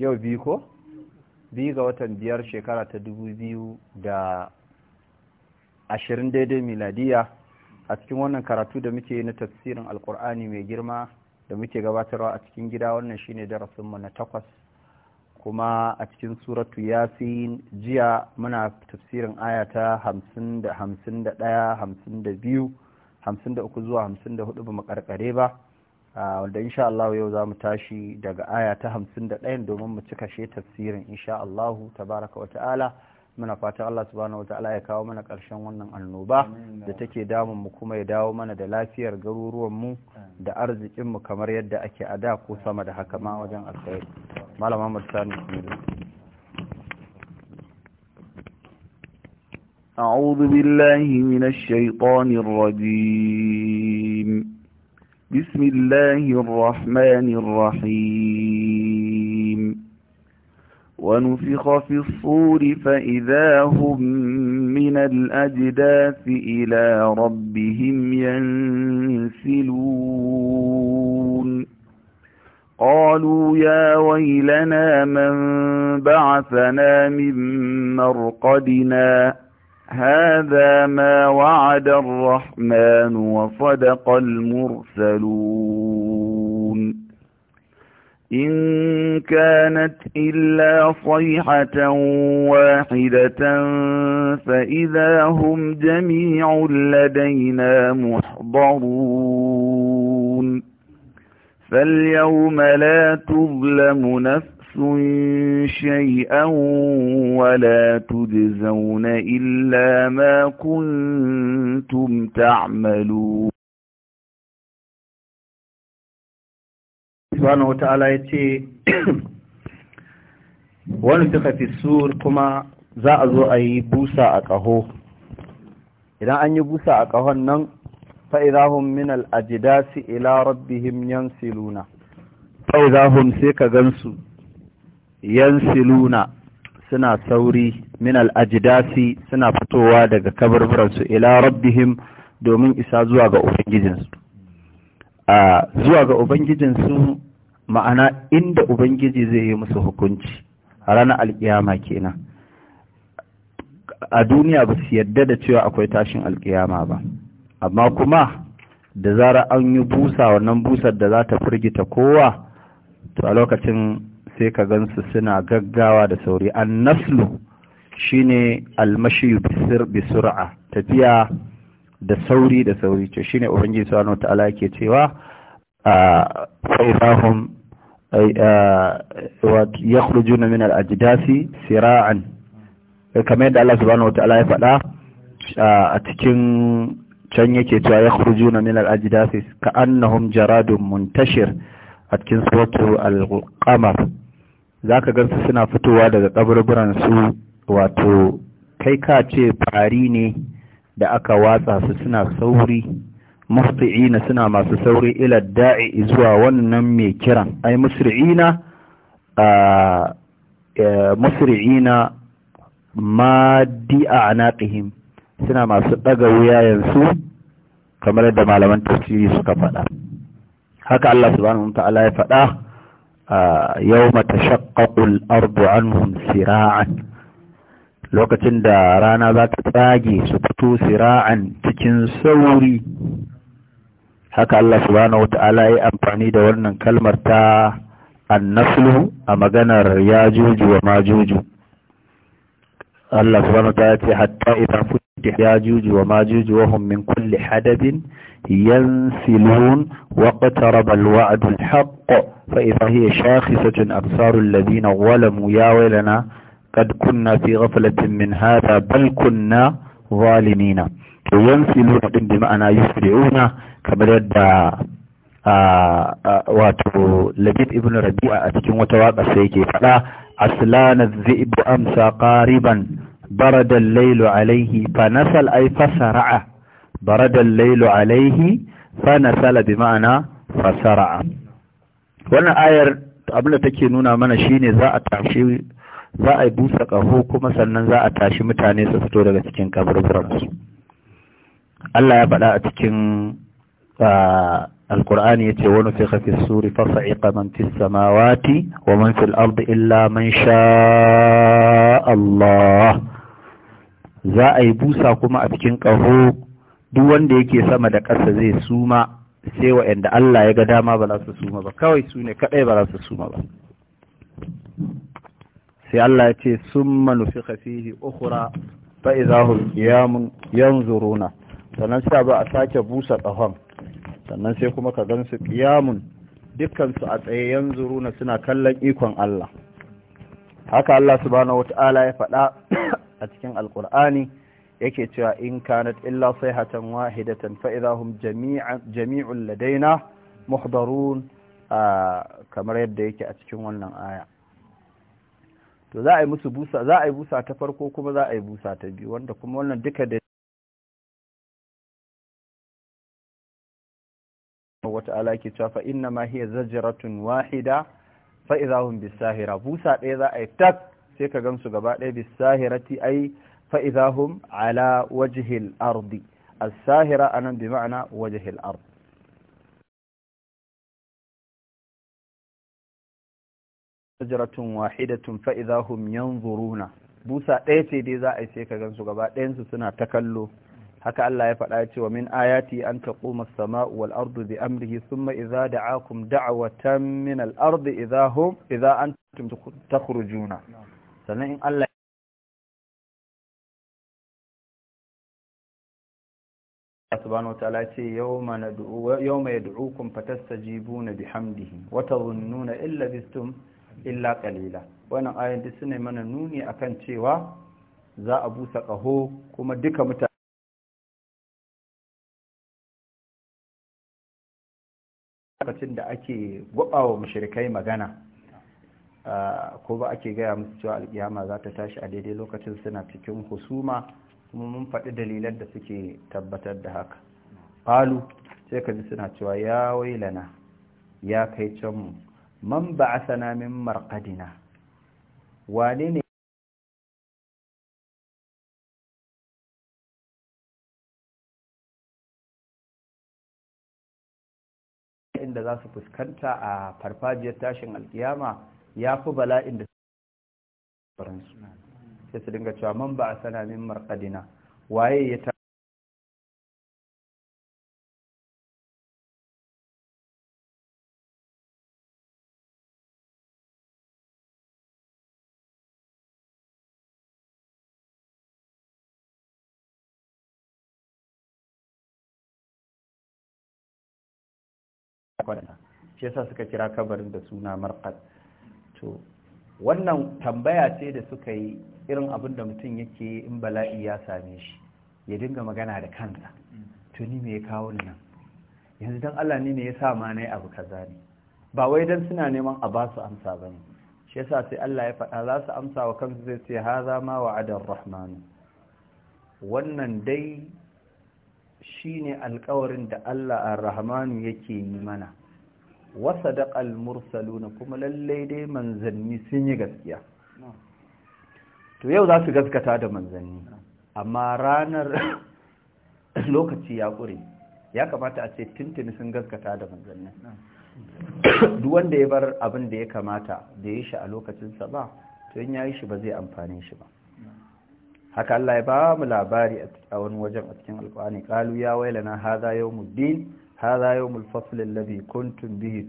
yau biyu ko biyu ga watan biyar shekara ta dubu biyu da ashirin daidai miladiya a cikin wannan karatu da muke na tafsirin alkur'ani mai girma da muke gabatarwa a cikin gida wannan shine darasinmu na takwas kuma a cikin suratu yasin jiya muna tafsirin ayata ta hamsin da hamsin da daya hamsin da biyu hamsin da uku zuwa hamsin da hudu ba mu karkare ba Ah, wanda insha Allah yau za mu tashi daga aya ta hamsin da ɗayan domin mu cika she tafsirin insha Allah tabaraka wa ta'ala muna fatan Allah subhanahu wa ta'ala ya kawo mana ƙarshen wannan annoba da take damun mu kuma ya dawo mana da lafiyar garuruwan mu da arzikin mu kamar yadda ake a da ko sama da haka ma wajen alkhairi malama mursani أعوذ بالله من الشيطان الرجيم بسم الله الرحمن الرحيم ونفخ في الصور فإذا هم من الأجداث إلى ربهم ينسلون قالوا يا ويلنا من بعثنا من مرقدنا هذا ما وعد الرحمن وصدق المرسلون إن كانت إلا صيحة واحدة فإذا هم جميع لدينا محضرون فاليوم لا تظلم نفس نفس شيئا ولا تجزون إلا ما كنتم تعملون subhanahu wata'ala ya ce wani suka fi sur kuma za a zo a yi busa a ƙaho idan an yi busa a kahon nan fa'izahun min al'ajidasi ila rabbihim yan siluna fa'izahun sai ka gansu yansiluna suna sauri min al'ajidasi suna fitowa daga kabarbaransu ila rabbihim domin isa zuwa ga ubangijinsu a zuwa ga ubangijinsu ma'ana inda ubangiji zai yi musu hukunci a ranar alkiyama kenan a duniya ba su yadda da cewa akwai tashin alkiyama ba amma kuma da zara an yi busa wannan busar da za ta firgita kowa to a lokacin sai ka gansu suna gaggawa da sauri an naslu shine almashi bi sur'a tafiya da sauri da sauri ce shine ubangiji subhanahu ta'ala yake cewa faizahum yakhrujuna min al-ajdasi sira'an kamar yadda Allah subhanahu ta'ala ya faɗa a cikin can yake cewa juna min al ka ka'annahum jaradun muntashir a cikin sautu al za ka gansu suna fitowa daga ƙabarburansu, wato kai ka ce fari ne da aka watsa su suna sauri mufti'ina suna masu sauri ila da'i zuwa wannan mai kiran ai musri'ina a e, musri'ina ma di'a ƙihim suna masu ɗaga wuyayensu kamar da malaman tafsiri suka faɗa haka Allah subhanahu wa ta'ala ya faɗa yawma tashaqqaqu al-ardu anhum sira'an lokacin da rana za ta tsage su fito sira'an cikin sauri haka Allah subhanahu wata'ala ya amfani da wannan kalmar ta annaslu a maganar ya juju wa ma juju Allah subhanahu wata'ala ce hatta idan futi ya juju wa ma juju wa hum min kulli hadabin ينسلون واقترب الوعد الحق فإذا هي شاخصة أبصار الذين ظلموا يا ويلنا قد كنا في غفلة من هذا بل كنا ظالمين ينسلون بمعنى يسرعون كما يدعى wato labib ibn rabi'a a cikin wata waka sai yake fada aslana dhi'b amsa qariban barada al-layl alayhi fa nasal ay fasara'a barada lailu alaihi fana sala bi ma'ana fasara'a wannan ayar abinda take nuna mana shine za a tashi za a busa ƙaho kuma sannan za a tashi mutane su fito daga cikin kaburburansu Allah ya faɗa a cikin alkur'ani ya ce wani fi hafi suri fasa'iƙa man fi samawati wa man fi illa man sha Allah za a yi busa kuma a cikin ƙaho duk wanda yake sama da ƙasa zai suma sai wa'anda Allah ya ga dama ba za su suma ba kawai su ne kaɗai ba za su suma ba sai Allah ya ce sun manufi hafihi ukura fa izahun kiyamun sannan sai ba a sake busa ƙahon sannan sai kuma ka gan su kiyamun dukkansu a tsaye yanzuruna suna kallon ikon Allah haka Allah subhanahu Ta'ala ya faɗa a cikin alkur'ani yake cewa in kanat illa sayhatan wahidatan fa idahum jami'un ladaina muhdarun kamar yadda yake a cikin wannan aya to za a yi musu busa za a yi busa ta farko kuma za a yi busa ta biyu wanda kuma wannan duka da wata ala ke cewa fa inna ma hiya zajratun wahida fa idahum bisahira busa ɗaya za a yi tak sai ka gamsu gaba ɗaya bisahirati ai fa’iza hun ala wajihil ardi al-sahira a nan bi ma'ana wajihil ardi sajiratun wahidatun fa’iza hun yan zuruna busa ɗaya ce dai za a ce ka gan su gaba suna ta kallo haka Allah ya faɗa cewa min ayati an ta ƙuma sama wal ardu bi amrihi sun ma iza da akum da'awatan min al ardu iza hun iza ta kuru juna subhanahu wataala ce yawma nad'u yawma yad'ukum fatastajibuna bihamdihi wa tadhunnuna illa bistum illa qalila wannan ayan duk sune mana nuni akan cewa za a busa kaho kuma duka mutane lokacin da ake gwabawa mushrikai magana ah, ko ba ake gaya musu cewa alkiyama za ta tashi a daidai lokacin suna cikin husuma kuma mun faɗi dalilan da suke tabbatar da haka qalu sai ka ji suna cewa ya wailana ya kai can mu man ba'athana min marqadina wane ne inda za su fuskanta a farfajiyar tashin alkiyama ya fi bala'in da su sai su dinga cewa man ba a sana min marƙadina waye ya ta shi yasa suka kira kabarin da suna marƙad to wannan tambaya ce da suka yi irin abin da mutum yake in bala'i ya same shi ya dinga magana da kansa tuni me ya kawo nan yanzu don Allah ne ne ya sa ma na yi abu kaza ne ba wai don suna neman a ba su amsa ba ne shi yasa sai Allah ya faɗa za su amsa wa kansu zai ce za ma wa'adar rahmanu wannan dai shi ne alkawarin da Allah ar-rahmanu yake yi mana wasa da mursaluna kuma lallai dai manzanni sun yi gaskiya to yau za su gaskata da manzanni amma ranar lokaci ya ƙure ya kamata a ce tuntuni sun gaskata da manzanni duk wanda ya bar abin da ya kamata da ya shi a lokacinsa ba to in ya yi shi ba zai amfani shi ba haka Allah ya ba mu labari a wani wajen a cikin alƙwani ƙalu ya wailana haza muddin. hadha yawmul fasl alladhi kuntum bihi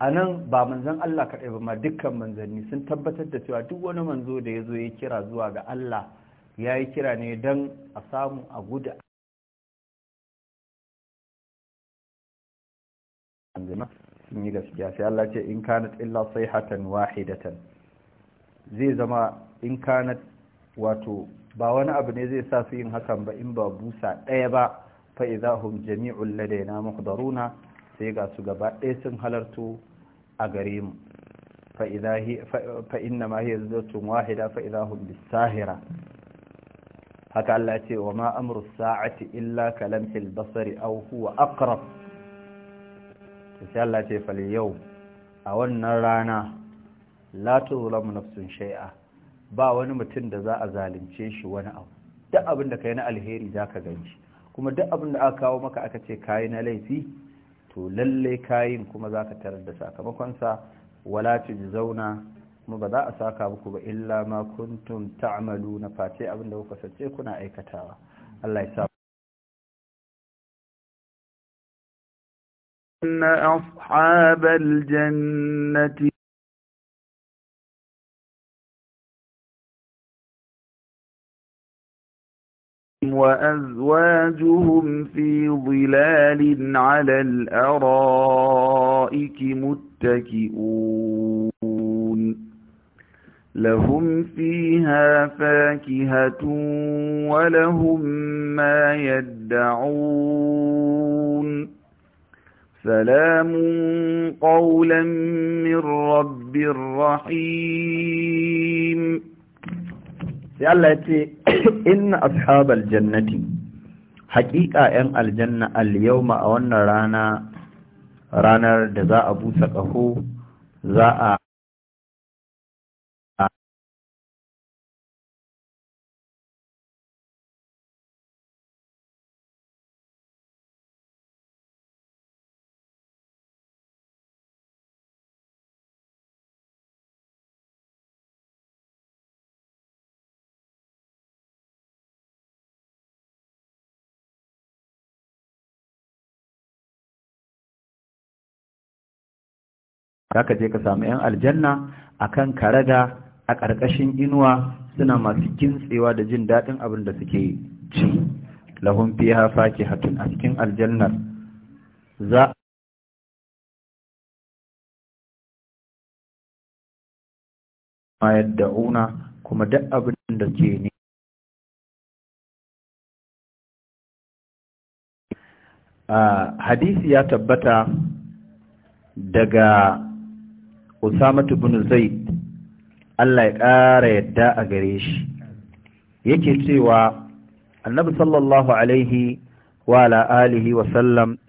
anan ba manzan Allah kaɗai ba ma dukkan manzanni sun tabbatar da cewa duk wani manzo da ya zo ya kira zuwa ga Allah ya yi kira ne don a samu a guda sun yi gaskiya sai Allah ce in kanat illa sayhatan wahidatan zai zama in kanat wato ba wani abu ne zai sa su yin hakan ba in ba busa ɗaya ba fa idahum jami'ul ladaina muhdaruna sai ga su gaba ɗaya sun halartu a gare mu fa ma wahida bisahira haka Allah ce wa ma amru sa'ati illa kalamhil basari aw huwa aqrab sai Allah ce fal yau a wannan rana la tuzlamu nafsun shai'a, ba wani mutum da za a zalunce shi wani abu duk abin da kai na alheri zaka ganci kuma duk abin da aka kawo maka aka ce kayi na laifi to lalle kayin kuma za ka tarar da sakamakonsa wala zauna kuma ba za a saka muku ba illa ma kuntum ta'malu na face abin da kuka sace kuna aikatawa Allah ya sa أصحاب الجنة وأزواجهم في ظلال على الأرائك متكئون لهم فيها فاكهة ولهم ما يدعون سلام قولا من رب رحيم sai Allah ya ce inna ashabal jannati haƙiƙa 'yan aljanna al-yawma a wannan rana ranar da za a busa ƙaho za a za ka je ka samu 'yan aljanna a kan karaga a ƙarƙashin inuwa suna masu kintsewa da jin daɗin abin da suke ci lahun faki hatun a cikin aljannar za a yadda una kuma duk abin da ke ne hadisi ya tabbata daga Usama bin Zaid Allah ya ƙara yadda a gare shi yake cewa Annabi sallallahu alaihi wa ala alihi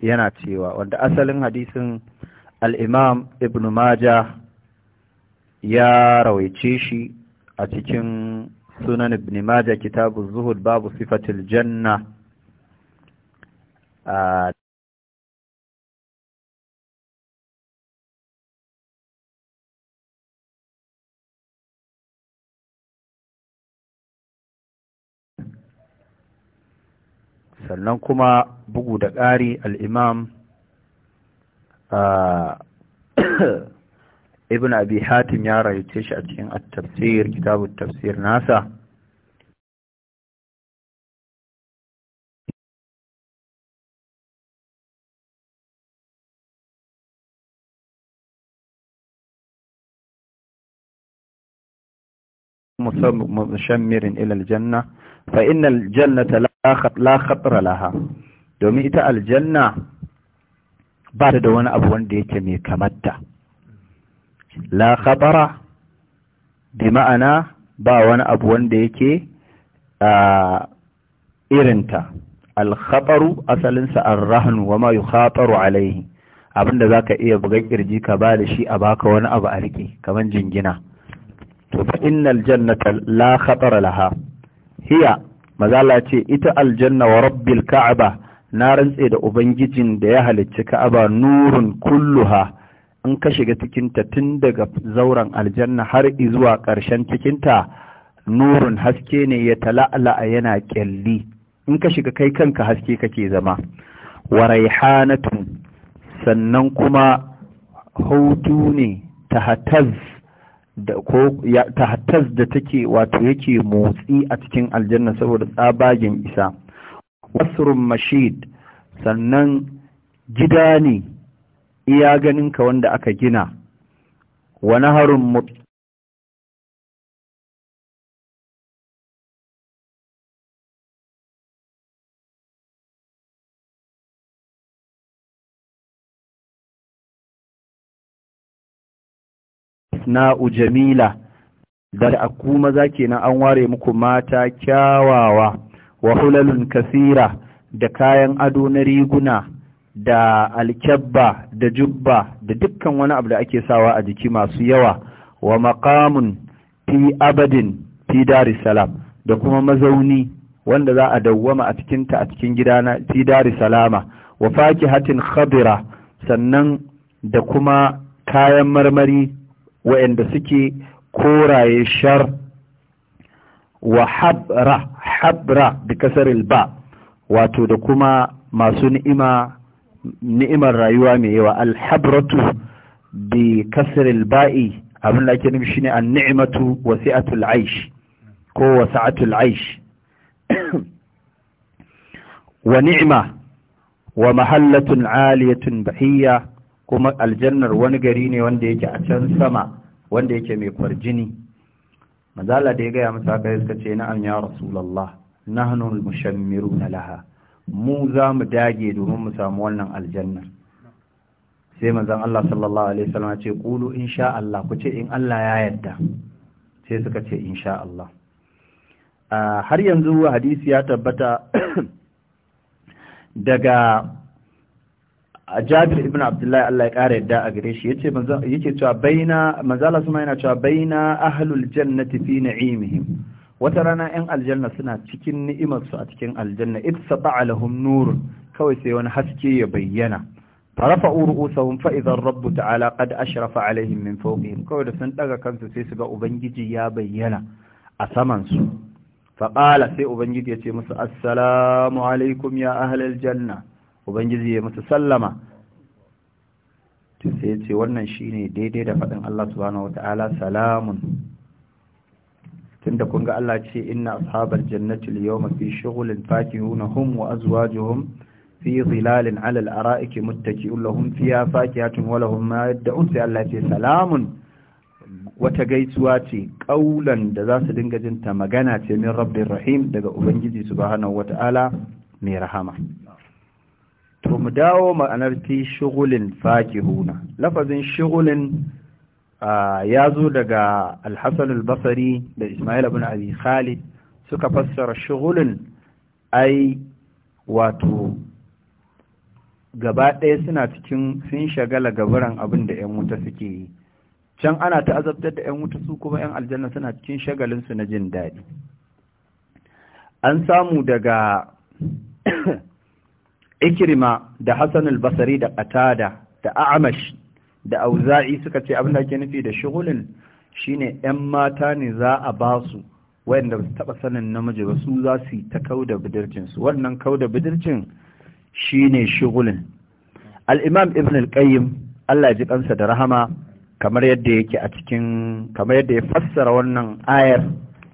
yana cewa wanda asalin hadisin al-Imam Ibn Majah ya rawaice shi a cikin sunan Ibn maja kitabuz Zuhud babu sifatil janna ah, sannan kuma bugu da ƙari al'imam ibn abi hatim ya rayuce shi a cikin at-tafsir kitabun tafsir nasa مسمر إلى الجنة فإن الجنة لا la khatra laha domin ita aljanna ba ta da wani abu wanda yake mai kamata la khatara bi ma'ana ba wani abu wanda yake irinta al asalinsa ar-rahnu wa ma yukhataru alayhi abinda zaka iya buga kirji ka ba da shi a baka wani abu a rike kaman jingina to fa innal jannata la khatara laha hiya mazala ce ita aljanna wa rabbil ka'aba na rantse da ubangijin da ya halicci ka'aba nurun kulluha in ka shiga cikinta tun daga zauren aljanna har zuwa ƙarshen cikinta nurun haske ne ya tala'ala yana ƙyalli in ka shiga kai kanka haske kake zama wa raihanatun sannan kuma hutu ne ta hataz da ko tahtaz da take wato yake motsi a cikin aljanna saboda tsabagen isa wasrun mashid sannan gida ne iya ganinka wanda aka gina wa naharun asna'u jamila da akuma maza kenan an ware muku mata kyawawa wa hulalun kasira da kayan ado na riguna da alkyabba da jubba da dukkan wani abu da ake sawa a jiki masu yawa wa maqamun fi abadin fi salam da kuma mazauni wanda za a dawwama a ta a cikin gidana fi salama wa fakihatin khadira sannan da kuma kayan marmari wa'anda suke koraye shar wa habra habra da kasar ba wato da kuma masu ni'ima ni'imar rayuwa mai yawa alhabratu bi kasar ba'i abin da ake nufi shine an ni'imatu wasi'atul aish ko wasa'atul aish wa ni'ima wa mahallatun aliyatun bahiyya kuma aljannar wani gari ne wanda yake a can sama wanda yake mai kwarjini mazala da ya gaya masa haka suka ce na'am ya rasulullah nahnu mushammiru mushammiruna laha mu za mu dage domin mu samu wannan aljannar sai manzon Allah sallallahu alaihi wasallam ya ce qulu insha Allah ku ce in Allah ya yarda sai suka ce insha Allah ah, har yanzu hadisi ya tabbata daga a jabir ibn abdullahi Allah ya ƙara yadda a gare shi yace yake cewa baina manzala suma yana cewa baina ahlul jannati fi na'imihim wata rana 'yan aljanna suna cikin ni'imarsu a cikin aljanna it sata'a lahum nurun kawai sai wani haske ya bayyana farafa ru'usahum fa idza rabbu ta'ala qad ashrafa alaihim min fawqihim kawai da sun daga kansu sai su ga ubangiji ya bayyana a saman su fa sai ubangiji ya ce musu assalamu alaikum ya ahlal janna ubangiji ya masa sallama tun sai ya ce wannan shine daidai da faɗin Allah subhanahu wataala salamun tunda kun ga Allah ce inna ashabar jannati al-yawma fi shughlin hum wa azwajuhum fi zilalin 'ala al-ara'iki muttaki'un lahum fiha fakihatun wa lahum ma yad'un sai Allah ce salamun wata gaisuwa ce ƙaulan da za su dinga jinta magana ce min rabbin rahim daga ubangiji subhanahu wata'ala mai rahama to mu dawo ma'anar ti shugulin fakihuna lafazin shugulin ya zo daga alhassan albasari da ismail abin abi khalid suka fassara shugulin ai wato gaba ɗaya suna cikin sun shagala gabaran abin da 'yan wuta suke yi can ana ta azabtar da 'yan wuta su kuma 'yan aljanna suna cikin shagalinsu na jin daɗi an samu daga ikrima da hasan al da qatada da a'mash da auza'i suka ce abin da ke nufi da shugulin shine yan mata ne za a ba su wayanda ba su taba sanin namiji ba su za su yi ta kauda bidircin su wannan kauda bidircin shine shugulin al-imam ibn al-qayyim Allah ya ji kansa da rahama kamar yadda yake a cikin kamar yadda ya fassara wannan ayar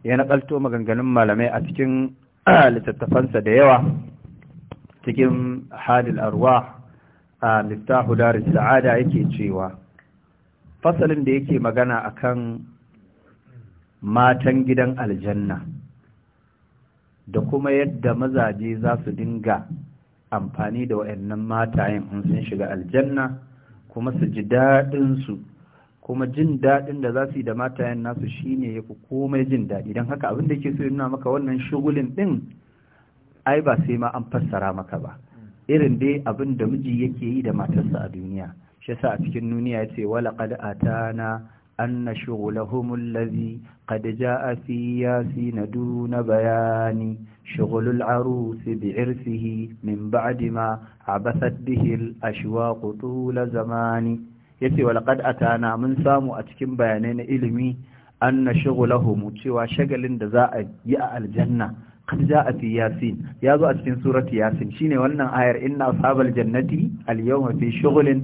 ya nakalto maganganun malamai a cikin ah, littattafansa da yawa cikin halin arwa a miftahu darin sa'ada yake cewa fasalin da yake magana akan matan gidan aljanna da kuma yadda mazaje za su dinga amfani da wa'annan matayen in sun shiga aljanna kuma su ji daɗinsu kuma jin daɗin da za su yi da matayen nasu shine ya fi komai jin daɗi don haka abin da ke so nuna maka wannan shugulin ɗin ai ba sai ma an fassara maka ba irin dai abin da miji yake yi da matarsa a duniya shi yasa a cikin duniya yace wala qad atana anna shughlahum allazi qad jaa fi yasin duna bayani shughlul arus bi irsihi min ba'di ma abathat bihi al ashwaq tula zamani yace wala qad atana mun samu a cikin bayanai na ilimi anna shughlahum cewa shagalin da za a yi a aljanna qad jaa fi yasin zo a cikin surati yasin shine wannan ayar inna ashabal jannati al-yawma fi shughlin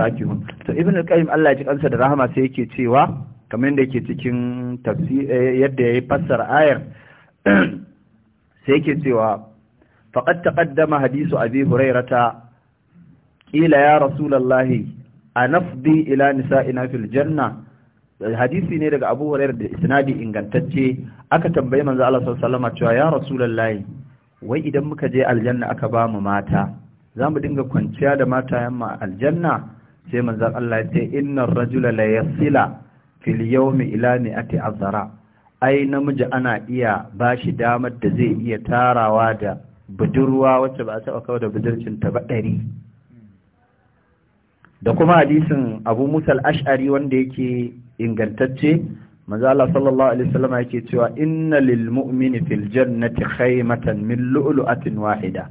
takihun to ibn al-qayyim Allah ya ji kansa da rahama sai yake cewa kamar yadda yake cikin tafsir eh, yadda yayi fassara ayar sai yake cewa faqad taqaddama hadisu abi hurairata qila ya rasulullahi anafdi ila nisa'ina fil janna hadisi ne daga Abu Hurairah da isnadi ingantacce aka tambaye manzo Allah sallallahu alaihi wasallam cewa ya Rasulullahi wai idan muka je aljanna aka ba mu mata za mu dinga kwanciya da mata yamma aljanna sai manzo Allah ya ce innar rajula la yasila fil yawmi ila mi'ati azara ai namiji ana iya ba shi damar da zai iya tarawa da budurwa wacce ba ta taɓa kawo da budurcinta ba ɗari da kuma hadisin abu musal ash'ari wanda yake ingantacce manzo Allah sallallahu alaihi wasallam yake cewa inna lil mu'mini fil jannati khaymatan min lu'lu'atin wahida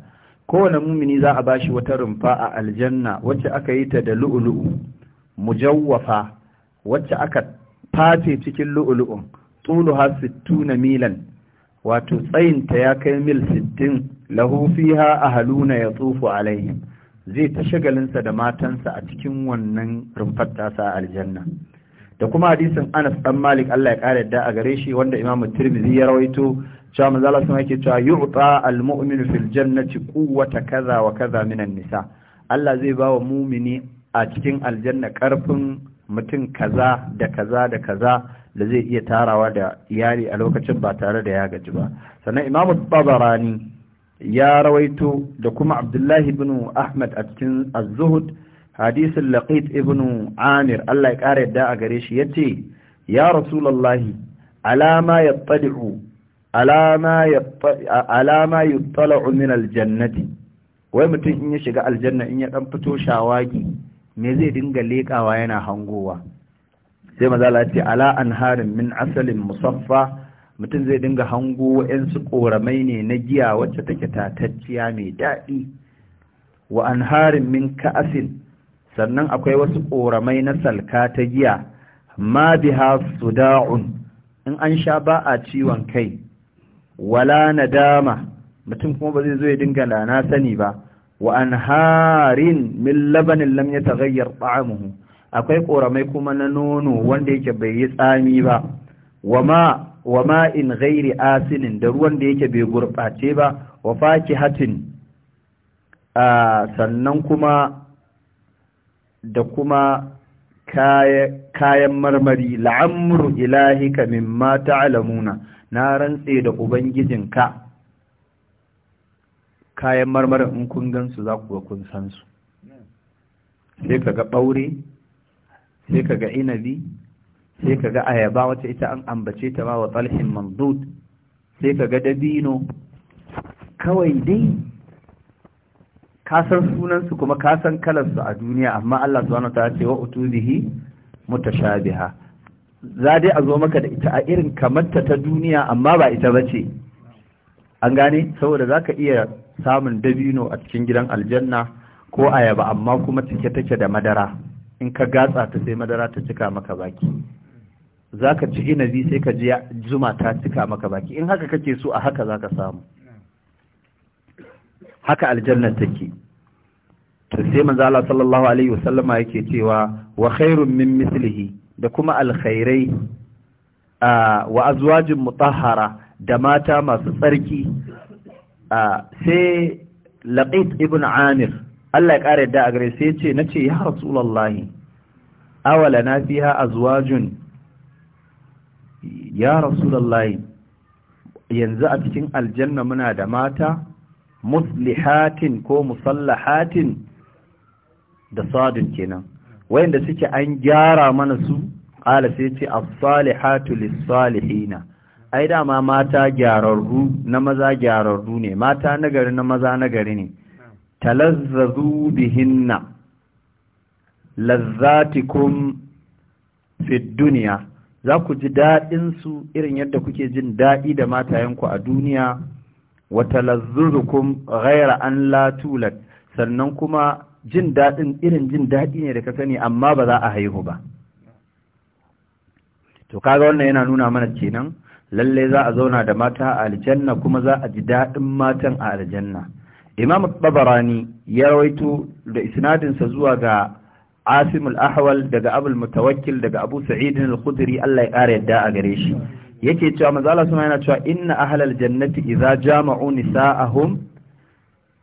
kowane mumini za a bashi wata rumfa a aljanna wacce aka yi ta da lu'lu'u mujawwafa wacce aka fate cikin lu'lu'un tuluha 60 milan wato tsayinta ya kai mil 60 lahu fiha ahluna yatufu alaihim zai ta shagalinsa da matansa a cikin wannan rumfar tasa aljanna da kuma hadisin Anas dan Malik Allah ya kare da a gare shi wanda Imam Tirmidhi ya rawaito cewa manzo Allah sun yake cewa yu'ta al-mu'minu fil jannati quwwata kaza wa kaza minan nisa Allah zai ba wa mumini a cikin aljanna karfin mutum kaza da kaza da kaza da zai iya tarawa da iyali a lokacin ba tare da ya gaji ba sannan Imam Tabarani ya rawaito da kuma Abdullahi ibn Ahmad a cikin Az-Zuhd hadisin Laqid ibn amir Allah ya ƙara yadda a gare shi yace ya rasulullahi alama yattali'u alama ya yuttala'u min aljannati wai mutum in ya shiga aljanna in ya ɗan fito shawagi me zai dinga lekawa yana hangowa sai mazala ce ala harin min asalin musaffa mutum zai dinga hango wa'yansu ƙoramai ne na giya wacce take tatacciya mai daɗi wa harin min ka'asin sannan akwai wasu ƙoramai na salka ta giya ma biha suda'un in an sha ba a ciwon kai wala nadama mutum kuma ba zai zo ya dinga lana sani ba wa anharin min labanin lam yataghayyar ta'amuhu akwai ƙoramai kuma na nono wanda yake bai yi tsami ba Wa ma in ghairi asinin da ruwan da yake bai gurɓace ba wa fakihatin ah, sannan kuma da kuma kayan marmari la'amru ilahika mata alamuna na rantse da ubangijinka kayan marmarin in kun gansu za ku ga kun san su sai kaga ɓaure sai kaga inabi sai kaga ayaba wata ita an ambace ta ba wa talhin mandud sai kaga dabino kawai dai ka san sunansu kuma ka san kalarsu a duniya amma Allah subhanahu wa ta'ala ce wa utubihi mutashabiha za dai a zo maka da ita a irin kamarta ta duniya amma ba ita bace an gane saboda zaka iya samun dabino a cikin gidan aljanna ko ayaba amma kuma cike take da madara in ka gatsa ta sai madara ta cika maka baki zaka ci inabi sai ka ji zuma ta cika maka baki in haka kake so a haka zaka samu haka aljannar take to sai manzo Allah sallallahu alaihi wasallama yake cewa wa khairun min mislihi da kuma alkhairai wa azwajin mutahhara da mata masu tsarki sai laqit ibn amir Allah ya kare da agare sai ce nace ya rasulullahi awala na fiha azwajun ya rasulullahi yanzu a cikin aljanna muna da mata muslihatin ko musallahatin da sadun kenan wayanda suke an gyara mana su ƙala sai ce as-salihatu lis-salihina ai dama mata gyararru na maza gyararru ne mata nagari na maza nagari ne talazzazu bihinna lazzatikum fid dunya za ku ji daɗinsu irin yadda kuke jin daɗi da matayenku a duniya wata talazzuzukum ghaira an la tulad sannan kuma jin daɗin irin jin daɗi ne da ka sani amma ba za a haihu ba to kaga wannan yana nuna mana kenan lalle za a zauna da mata a aljanna kuma za a ji daɗin matan a aljanna imam babarani ya rawaito da isnadinsa zuwa ga asimul al-ahwal daga abul mutawakkil daga abu sa'id al-khudri Allah ya ƙara yadda a gare shi yake cewa manzala suna yana cewa inna ahlal jannati idza jama'u nisa'ahum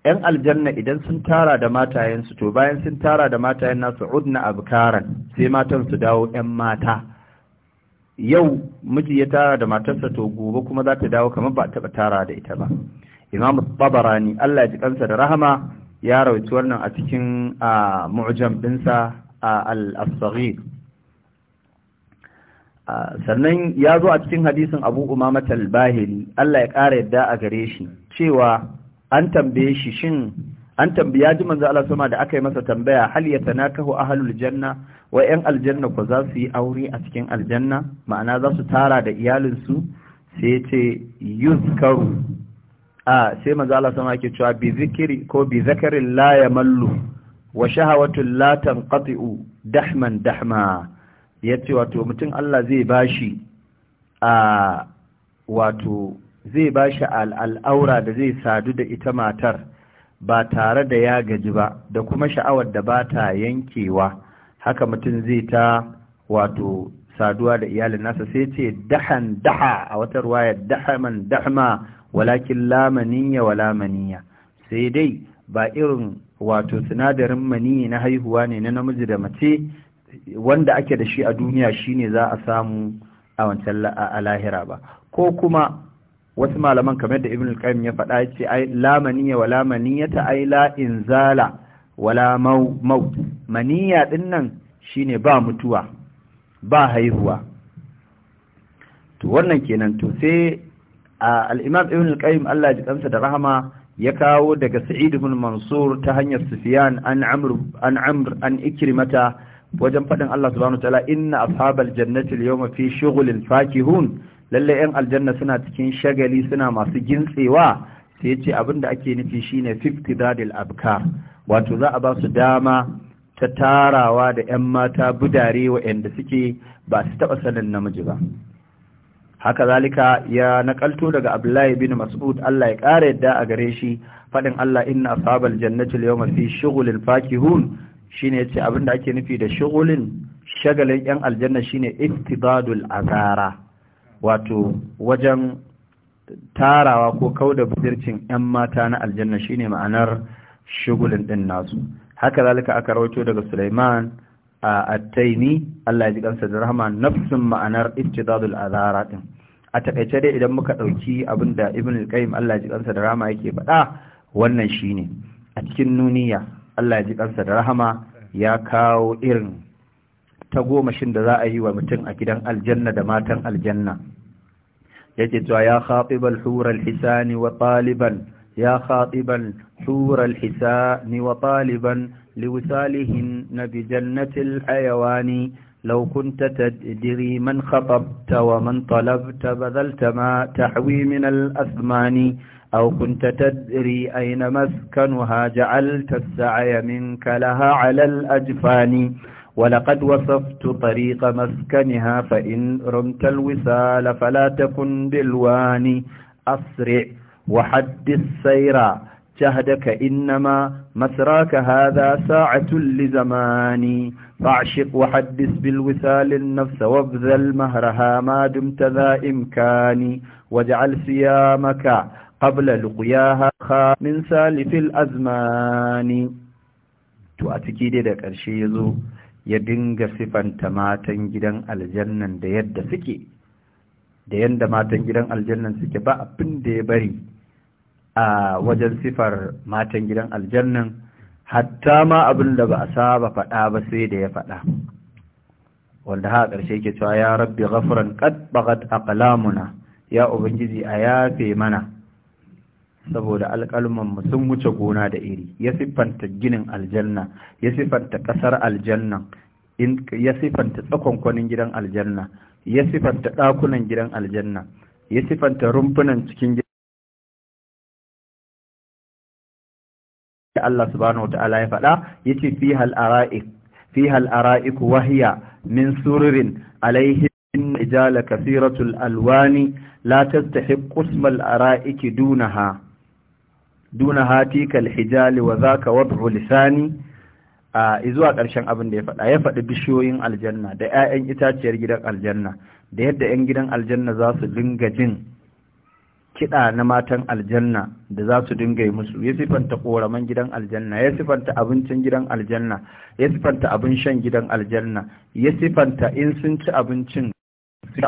yan aljanna idan sun tara da matayen su to bayan sun tara da matayen nasu udna abkaran sai matan su dawo yan mata yau miji ya tara da matarsa to gobe kuma za ta dawo kamar ba taba tara da ita ba imam tabarani Allah ya ji kansa da rahama ya rawaitu wannan a cikin mu'jam dinsa al asghir Ah, sannan ya zo a cikin hadisin abu umama talbahiri Allah ya ƙara yadda a gare shi cewa an tambaye shi shin an tambaya ji manzo Allah sama da aka yi masa tambaya hal yatanakahu ahlul janna wa yan aljanna ko za su yi aure a cikin aljanna ma'ana za su tara da iyalinsu sai ce yuzkaru a ah, sai manzo Allah sama yake cewa bi zikri ko bi zakarin la yamallu wa shahawatul la tanqati'u dahman dahma ya ce wato mutum Allah zai bashi a wato zai bashi al'aura da zai sadu da ita matar ba tare da ya gaji ba da kuma sha'awar da ba ta yankewa haka mutum zai ta wato saduwa da iyalin nasa sai ce dahan daha a wata ruwaya dahaman dahma walakin lamaniya wa lamaniya sai dai ba irin wato sinadarin maniyi na haihuwa ne na namiji da mace wanda ake da shi a duniya shine za a samu a wancan lahira ba ko kuma wasu malaman kamar da ibn al ya faɗa yace ai la maniya wa maniyata ai la inzala wa maut maniya din nan shine ba mutuwa ba haihuwa to wannan kenan to sai al-imam ibn al Allah ya da rahama ya kawo daga sa'id ibn mansur ta hanyar sufyan an amr an amr an ikrimata wajen faɗin Allah subhanahu wa ta'ala inna ashabal jannati al-yawma fi shughlin fakihun lalle yan aljanna suna cikin shagali suna masu gintsewa sai yace abinda ake nufi shine dadil abkar wato za a ba su dama ta tarawa da yan mata budare waɗanda suke ba su taɓa sanin namiji ba haka zalika ya nakalto daga Abdullahi bin Mas'ud Allah ya ƙara yadda a gare shi fadin Allah inna ashabal jannati al-yawma fi shughlin fakihun shine yace abinda ake nufi da shugulin shagalin yan aljanna shine istibadul azara wato wajen tarawa ko kauda budircin yan mata na aljanna shine ma'anar shugulin ɗin nasu haka zalika aka rawaito daga Sulaiman a attaini Allah ya ji kansa da rahama nafsin ma'anar istidadul azara din a takaice dai idan muka dauki abinda Ibn al-Qayyim Allah ya ji kansa da rahama yake faɗa wannan shine a cikin nuniya Allah ya ji kansa da rahama ya kawo irin ta gomashin da za a yi wa mutum a gidan aljanna da matan aljanna yake cewa ya khatibal hural hisani wa taliban ya khatiban hural hisani wa taliban liwisalihin na bi jannatil hayawani لو كنت تدري من خطبت ومن طلبت بذلت ما تحوي من الأثمان أو كنت تدري أين مسكنها جعلت السعي منك لها على الأجفان ولقد وصفت طريق مسكنها فإن رمت الوسال فلا تكن بالواني أسرع وحد سيرا جهدك إنما مسراك هذا ساعة لزماني فاعشق وحدث بالوسال النفس وابذل مهرها ما دمت ذا إمكاني واجعل سيامك qabla luqyaha min salifil azmani to a ciki dai da ƙarshe yazo ya dinga sifanta matan gidan aljannan da yadda suke da yadda matan gidan aljannan suke ba abin da ya bari a wajen sifar matan gidan aljannan hatta ma abin da ba a saba faɗa ba sai da ya faɗa wanda ha ƙarshe ke cewa ya rabbi ghafran qad baghat aqlamuna ya ubangiji a yafe mana saboda alƙalman sun wuce gona da iri ya siffanta ginin aljanna ya siffanta ƙasar aljanna ya siffanta tsakonkwanin gidan aljanna ya siffanta ɗakunan gidan aljanna ya siffanta rumfunan cikin gidan Allah subhanahu wa ta'ala ya faɗa ya ce fi hal'ara'ik fi hal'ara'ik wahiya min sururin alaihi إن إجال كثيرة الألوان لا تستحق قسم الأرائك دونها duna hatikal hijali wa zaka wad'u lisani a zuwa ƙarshen abin da ya faɗa ya faɗi bishiyoyin aljanna da 'ya'yan itaciyar gidan aljanna da yadda 'yan gidan aljanna za su dinga jin kiɗa na matan aljanna da za su dinga yi musu ya sifanta ƙoraman gidan aljanna ya sifanta abincin gidan aljanna ya sifanta abin shan gidan aljanna ya sifanta in sun ci abincin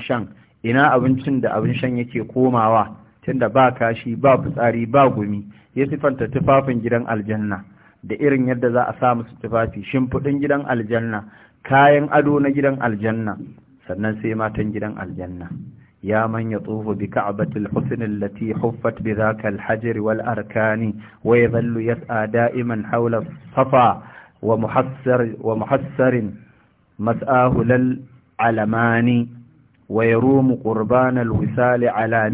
shan ina abincin da abin shan yake komawa tunda ba kashi ba fitsari ba gumi ya sifanta tufafin gidan aljanna da irin yadda za a samu su tufafi shimfiɗin gidan aljanna kayan ado na gidan aljanna sannan sai matan gidan aljanna ya manya yatufu bi ka'batil husn allati huffat bi dhaka al wal arkani wa yadhallu yas'a da'iman hawla safa wa muhassar wa muhassarin mas'ahu lal alamani wa yarumu qurbana al-wisal ala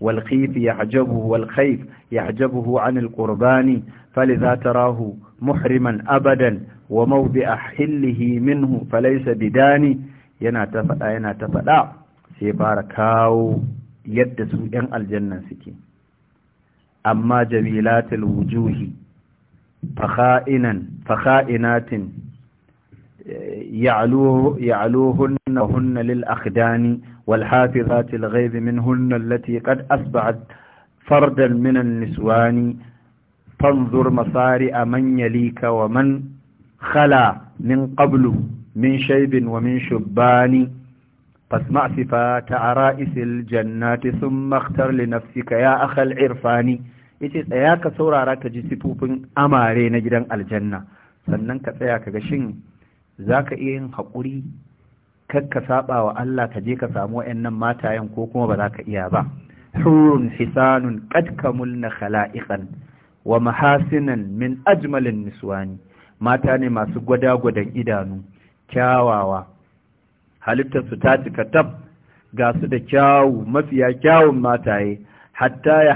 والخيف يعجبه والخيف يعجبه عن القربان فلذا تراه محرما أبدا وموضع حله منه فليس بداني yana ta faɗa yana ta faɗa sai fara kawo yadda su ‘yan aljannan suke amma jamilatul wujuhi fakha'inatin ya'aluhunna hunna lil akhdani والحافظات الغيب منهن التي قد أصبحت فردا من النسوان فانظر مصارع من يليك ومن خلا من قبل من شيب ومن شبان فاسمع صفات عرائس الجنات ثم اختر لنفسك يا أخ العرفان yace tsaya ka saurara ka ji sifofin amare na gidan aljanna sannan ka tsaya ka ga shin zaka iya yin haƙuri kakka saba wa Allah ka je ka samu wayannan matayen ko kuma ba za ka iya ba hurun hisanun qad kamulna khala'iqan wa mahasinan min ajmalin niswani mata ne masu gwada-gwadan idanu kyawawa halittar su ta cika tab ga su da kyawu mafiya kyawun mataye hatta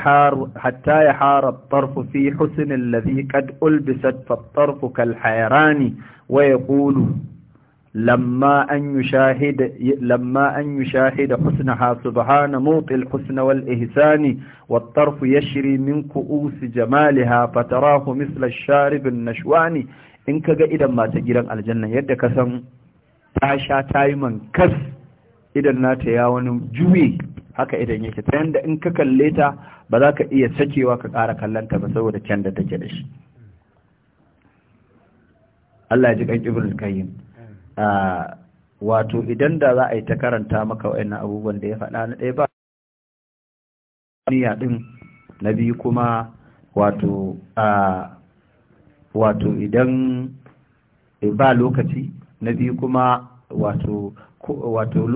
ya hara tarfu fi husnin lazi qad ulbisat fa tarfu kal hayrani wa yaqulu lamma an yushahida lamma an yushahida husnaha subhana muti al-husn wal ihsani wat tarf yashri min ku'us fatarahu misla ash-sharib an-nashwani in idan mata gidan aljanna yadda ka san ta sha tayi man idan nata ya wani juye haka idan yake ta yanda in ka kalle ta ba za ka iya sakewa ka ƙara kallanta ba saboda kyanda da take da shi Allah ya ji kan Ibn Qayyim wato idan da za a yi ta karanta maka wa'in abubuwan da ya faɗa na ɗaya ba niyya ɗin na biyu kuma wato idan ba lokaci na biyu kuma wato wato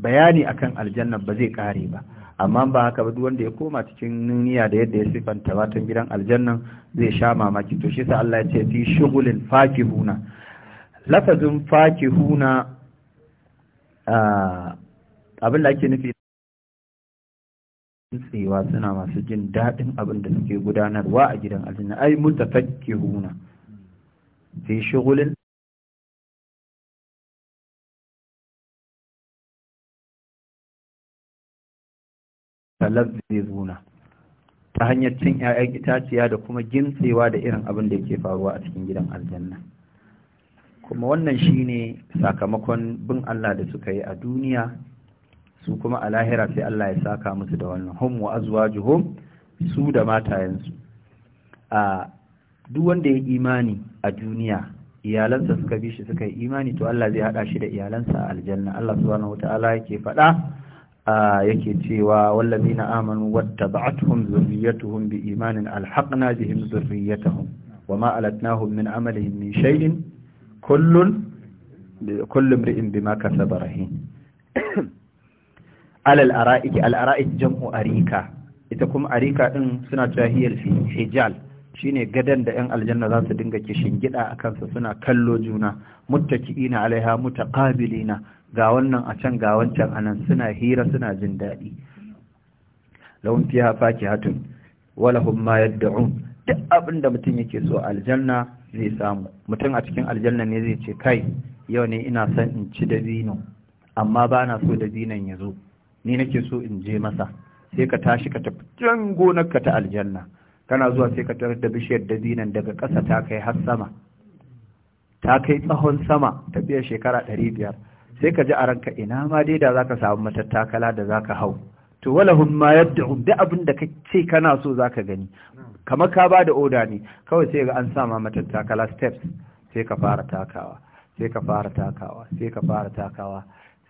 bayani akan aljanna ba zai kare ba amma ba haka ba wanda ya koma cikin niyya da yadda ya sifanta watan gidan aljannan zai sha mamaki to shi sa Allah ya ce fi shughulin fakihuna lafazin fakihuna abin da ake nufi tsewa suna masu jin daɗin abin da suke gudanarwa a gidan aljanna ai mutafakkihuna fi shughulin talazzizuna ta hanyar cin 'ya'yan itaciya da kuma gintsewa da irin abin da yake faruwa a cikin gidan aljanna kuma wannan shi ne sakamakon bin Allah da suka yi a duniya su kuma a lahira sai Allah ya saka musu da wannan hum wa su da matayensu a duk wanda ya imani a duniya iyalansa suka bi shi suka yi imani to Allah zai haɗa shi da iyalansa a aljanna Allah subhanahu wataala yake faɗa yake cewa na amanu wattaba'atuhum zurriyyatuhum biimanin alhaqna bihim zurriyyatahum wama alatnahum min amalihim min shay'in kullun kullum ri'in bima kasaba rahin alal ara'iki al ara'ik jam'u arika ita kuma arika din suna jahiyal fi hijal shine gadan da yan aljanna za su dinga kishin gida a kansa suna kallo juna muttaki'ina alaiha mutaqabilina ga wannan a can ga wancan anan suna hira suna jin daɗi lahum fiha fakihatun wa lahum ma yad'un duk abin da mutum yake so aljanna zai samu mutum a cikin aljanna ne zai ce kai yau ne ina son in ci dabino amma ba na so dabinon ya zo ni nake so in je masa sai ka tashi ka tafi can gonarka ta aljanna kana zuwa sai ka tarar da bishiyar dabinon daga ƙasa ta kai har sama ta kai tsahon sama ta biya shekara ɗari biyar sai ka ji a ranka ina ma dai da zaka samu matattakala da zaka hau to wala hun ma yad'un da abin da ce kana so zaka gani kamar ka ba da oda ne kawai sai ga an sama mata takala steps sai ka fara takawa sai ka fara takawa sai ka fara takawa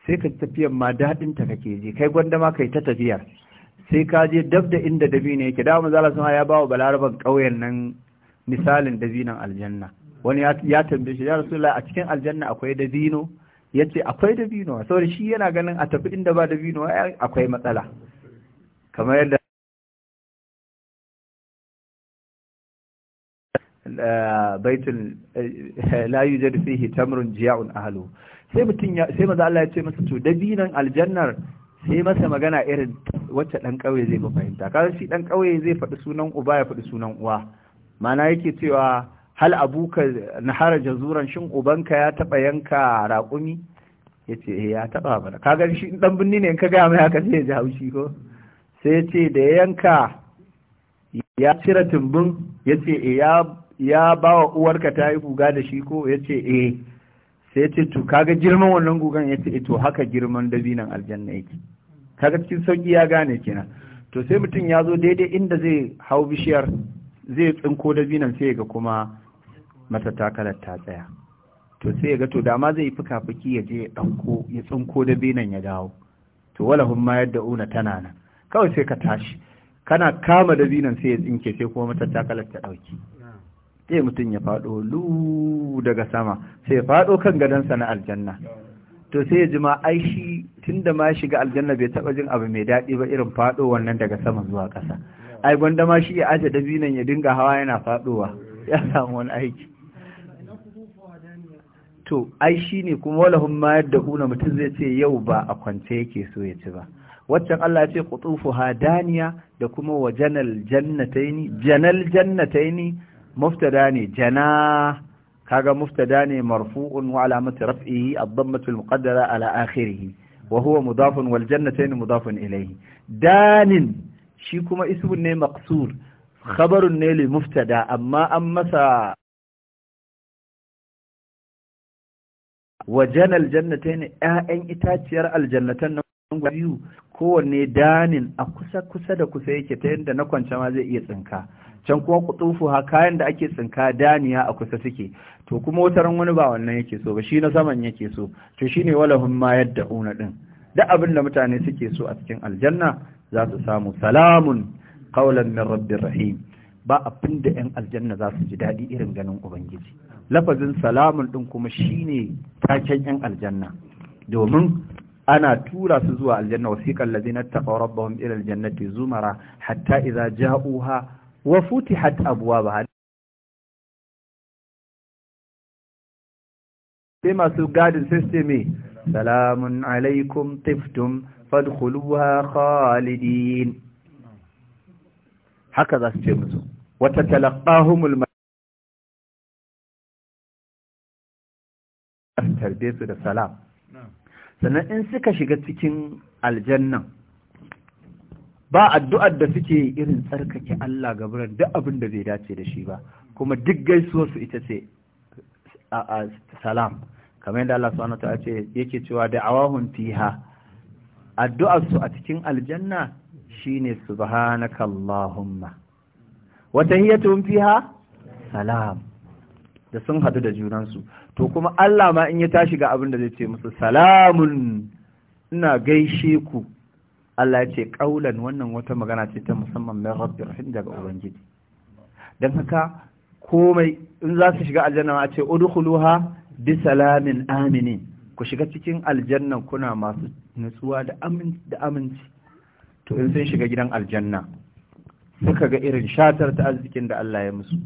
sai ka tafiyan ma daɗin ta kake je kai gwanda ma kai ta tafiyar sai ka je dab da inda dabino yake da mu zala ya bawa balaraban ƙauyen nan misalin dabinan aljanna wani ya tambaye shi ya rasulullahi a cikin aljanna akwai dabino yace akwai dabino saboda shi yana ganin a tafi inda ba dabino akwai matsala kamar yadda baitun la yujad fihi tamrun jiya'un ahlu sai mutun sai manzo Allah ya ce masa to dabinan aljannar sai masa magana irin wacce dan kauye zai ba fahimta kaga shi dan kauye zai faɗi sunan uba ya faɗi sunan uwa mana yake cewa hal abuka nahara jazuran shin ubanka ya taba yanka raƙumi yace eh ya taba bana kaga shi dan binni ne in ka ga mai haka sai ya ji haushi ko sai yace da yanka ya cire tumbin yace eh ya ya ba wa uwarka ta yi guga da shi ko ya ce eh sai ya ce to kaga girman wannan gugan ya ce eh, to haka girman dabinan aljanna yake kaga cikin sauki ya gane kenan to sai mutum ya zo daidai inda zai hau bishiyar zai tsinko dabinan sai ga kuma mata takalar ta tsaya to sai ya ga to dama zai fuka fuki ya je ya ɗauko ya tsinko dabinan ya dawo to wala humma yadda una tana nan kawai sai ka tashi kana kama dabinan sai ya tsinke sai kuma mata takalar ta ɗauki sai mutum ya faɗo lu daga sama sai faɗo kan gadonsa na aljanna to sai ya ji ma ai shi tunda ma shiga aljanna bai taɓa jin abu mai daɗi ba irin faɗo wannan daga sama zuwa ƙasa ai gwanda ma shi ya aje dabinan ya dinga hawa yana faɗowa ya samu wani aiki to ai shi ne kuma walahun ma yadda kuna mutum zai ce yau ba a kwance yake so ya ci ba waccan Allah ya ce qutufu hadaniya da kuma wa janal jannataini janal jannataini muftada ne jana kaga muftada ne marfu'un wa alamati raf'ihi ad-dammatu al-muqaddara ala akhirih wa huwa mudafun wal jannatayn mudafun ilayhi danin shi kuma ismun ne maqsur khabarun ne li muftada amma an masa wa janal jannatayn ya'yan itaciyar aljannatan nan biyu kowanne danin a kusa kusa da kusa yake ta yadda na kwance ma zai iya tsinka can kuma kutufu ha kayan da ake tsinka daniya a kusa suke to kuma wataran wani ba wannan yake so ba shi na saman yake so to shine walahum ma yad'una din Da abin da mutane suke so a cikin aljanna za su samu salamun qawlan min rabbir rahim ba abin da yan aljanna za su ji dadi irin ganin ubangiji lafazin salamun din kuma shine taken yan aljanna domin ana tura su zuwa aljanna wasiqal ladina taqaw rabbahum ila aljannati zumara hatta idza ja'uha wa futihat abwabaha sai masu gadin sistemi salamun alaikum tiftum fadkhuluha khalidin haka za su ce musu wata talaqahumul tarbe su da salam sannan in suka shiga cikin aljannan ba addu'ar da suke irin tsarkake Allah ga biran duk abin da zai dace da shi ba kuma duk gaisuwarsu ita ce salam kamar yadda Allah subhanahu wa ce yake cewa da awahun fiha su a cikin aljanna shine subhanaka allahumma wa tahiyyatuhum fiha salam da sun hadu da junansu to kuma Allah ma in ya tashi ga abin da zai ce musu salamun ina gaishe ku Allah ya ce ƙaulan wannan wata magana ce ta musamman mai rabbi rahim daga ubangiji don haka komai in za su shiga aljanna a ce udkhuluha bi salamin aminin ku shiga cikin aljanna kuna masu nutsuwa da aminci to in sun shiga gidan aljanna suka ga irin shatar ta arzikin da Allah ya musu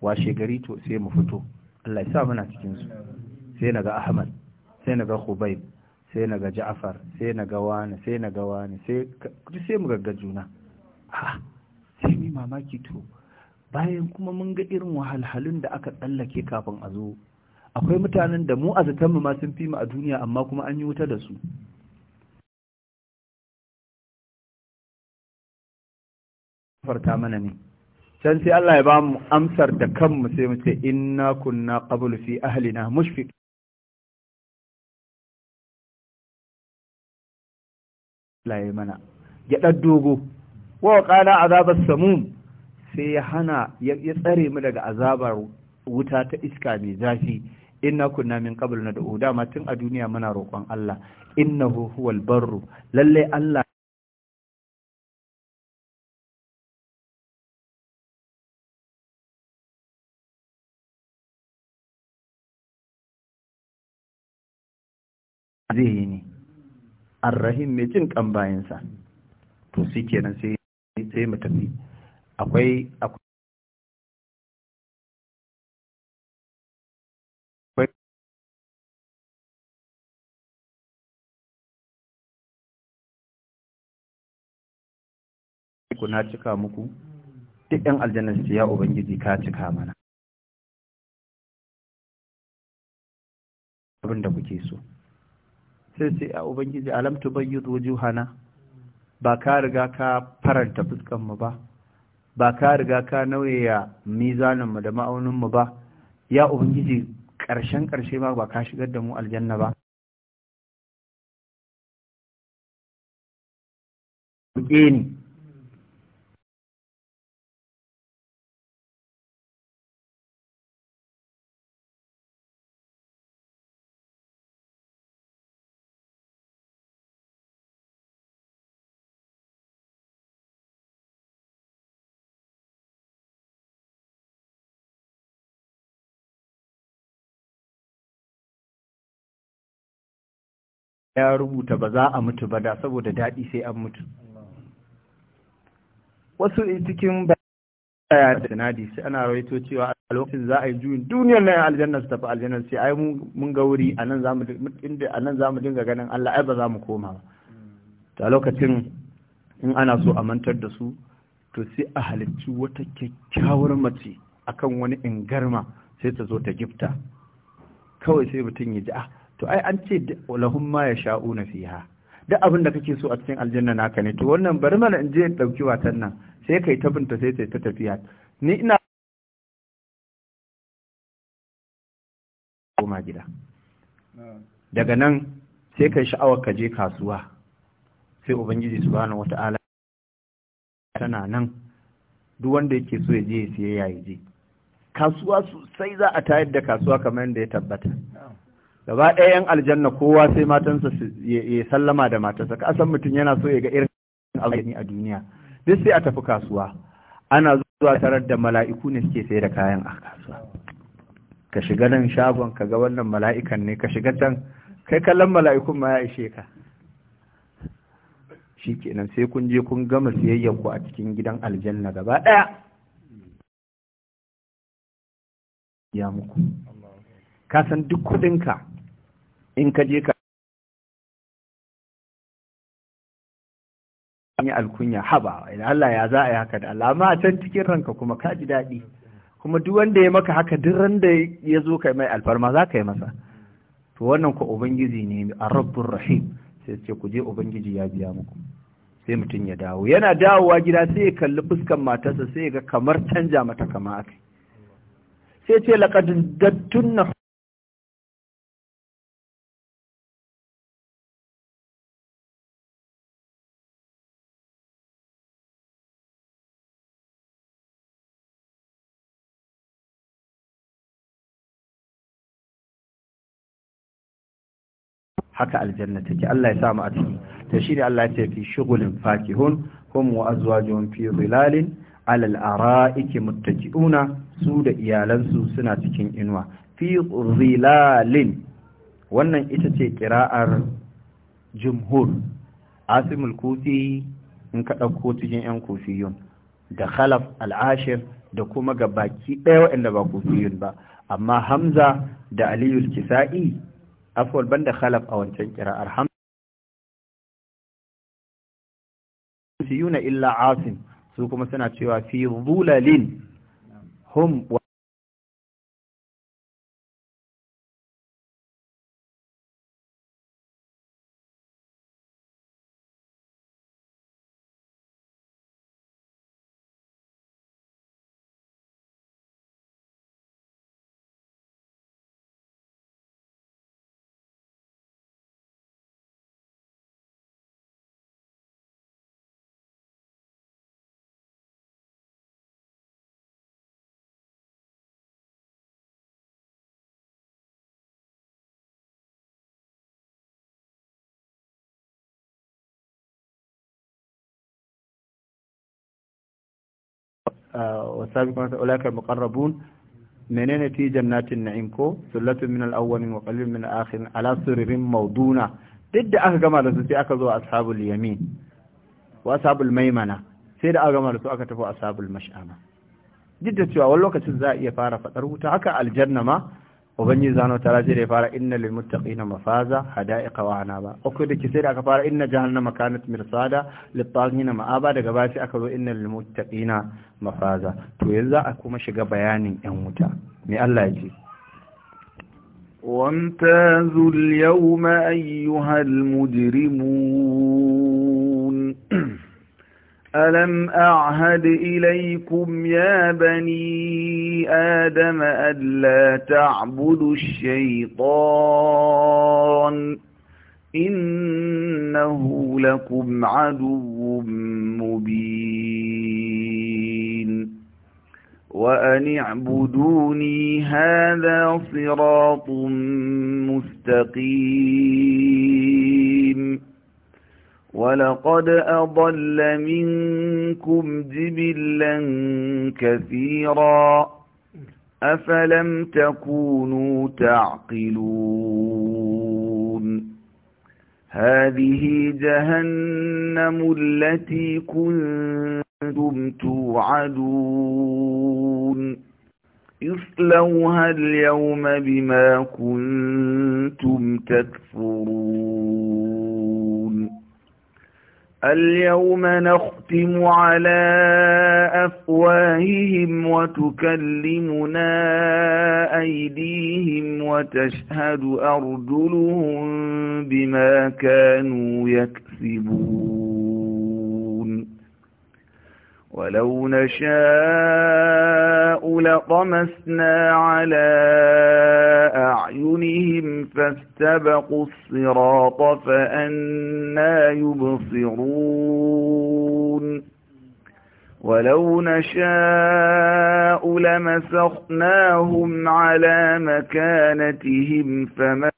washe gari to sai mu fito Allah ya sa muna cikin su sai naga Ahmad sai naga Khubayb sai na ga ja'afar sai na ga wani sai na ga wani sai sai mu gagga juna sai mai mamaki to bayan kuma mun ga irin wahalhalun da aka tsallake kafin a zo akwai mutanen da mu a zatanmu ma sun fi mu a duniya amma kuma an yi wuta da su farta mana ne can sai Allah ya ba mu amsar da kanmu sai mu ce inna kunna qablu fi ahlina mushfiq Allah ya mana gyaɗar dogo wa ƙana azabar samun sai ya hana ya tsare mu daga azabar wuta ta iska mai zafi inna kunna min qabl na da'o? dama tun a duniya muna roƙon Allah innahu huwal barru lallai Allah arrahim mai jin kan bayansa to shi kenan sai sai mu tafi akwai akwai kuna cika muku duk yan aljanna su ya ubangiji ka cika mana abin da kuke so sai sai a ubangiji alam zuwa hana ba ka riga ka faranta fuskan mu ba ba ka riga ka nauyaya mizanin mu da ma'aunin mu ba ya ubangiji ƙarshen ƙarshe ma ba ka shigar da mu aljanna ba ni ya rubuta ba za a mutu ba da saboda daɗi sai an mutu wasu cikin baya da sinadi sai ana rawaito cewa a lokacin za a yi juyin duniyar na aljanna su tafi aljanna sai ai mun ga wuri a nan za mu dinga ganin Allah ai ba za mu koma ba Ta lokacin in ana so a mantar da su to sai a halicci wata kyakkyawar mace akan wani ingarma sai ta zo ta gifta kawai sai mutum ya ji ah to ai an ce lahum ma na fiha duk abin da kake so a cikin aljanna naka ne to wannan bari mana in je ɗauki watan nan sai kai ta binta sai ta tafiya ni ina koma gida daga nan sai kai sha'awar ka je kasuwa sai ubangiji subhanahu wata'ala tana nan duk wanda yake so ya je ya siya ya je kasuwa sosai za a tayar da kasuwa kamar yadda ya tabbata gaba ɗaya yan aljanna kowa sai matansa ya sallama da matansa ka san mutum yana so ya ga irin aljanni a duniya duk sai a tafi kasuwa ana zuwa tarar da mala'iku ne suke sayar da kayan a kasuwa ka shiga nan shagon ka ga wannan mala'ikan ne ka shiga can kai kallon mala'ikun ma ya ishe ka shi kenan sai kun je kun gama siyayyar ku a cikin gidan aljanna gaba ɗaya ya muku ka san duk kuɗinka in ka je ka yi alkunya haba idan Allah ya za a yi haka da Allah amma a can cikin ranka kuma ka ji daɗi kuma duk wanda ya maka haka duk ran da ya zo kai mai alfarma za ka yi masa to wannan ku ubangiji ne a rabbur rahim sai ce ku je ubangiji ya biya muku sai mutum ya dawo yana dawowa gida sai ya kalli fuskan matarsa sai ya ga kamar canja mata kama akai sai ce laqad dattunna haka aljanna take Allah ya sa mu a ciki to shine Allah ya ce fi shughulin fakihun hum wa azwajuhum fi dhilalin ala al-ara'iki muttaki'una su da iyalansu suna cikin inuwa fi dhilalin wannan ita ce kira'ar jumhur asimul kufi in ka dauko cikin 'yan kufiyun da khalaf al'ashir da kuma ga baki ɗaya waɗanda ba kufiyun ba amma hamza da aliyul kisa'i afuwar banda khalaf a wancan kira'ar hamsiyuna illa asim su kuma suna cewa fi zulalin hum wasabiqun ulaika muqarrabun menene fi jannatin na'im ko sullatun min al-awwalin wa qalilun min al-akhirin ala sururin mawduna duk da aka gama da su sai aka zo ashabul yamin wa ashabul maimana sai da aka gama da su aka tafi ashabul mash'ama duk da cewa wani lokacin za a iya fara fadar wuta haka aljanna ma ubangiji zano tara sai da fara inna lil muttaqina mafaza hada'iqa wa anaba akwai da sai da aka fara inna jahannama kanat mirsada lit taghina ma'aba daga baya aka zo inna muttaqina mafaza to yanzu a kuma shiga bayanin yan wuta me Allah ya ce وامتازوا اليوم أيها المجرمون ألم أعهد إليكم يا بني آدم ألا تعبدوا الشيطان إنه لكم عدو مبين وأن اعبدوني هذا صراط مستقيم ولقد أضل منكم جبلا كثيرا أفلم تكونوا تعقلون هذه جهنم التي كنتم توعدون اصلوها اليوم بما كنتم تكفرون اليوم نختم على أفواههم وتكلمنا أيديهم وتشهد أرجلهم بما كانوا يكسبون ولو نشاء لطمسنا على أعينهم فاستبقوا الصراط فأنا يبصرون ولو نشاء لمسخناهم على مكانتهم فما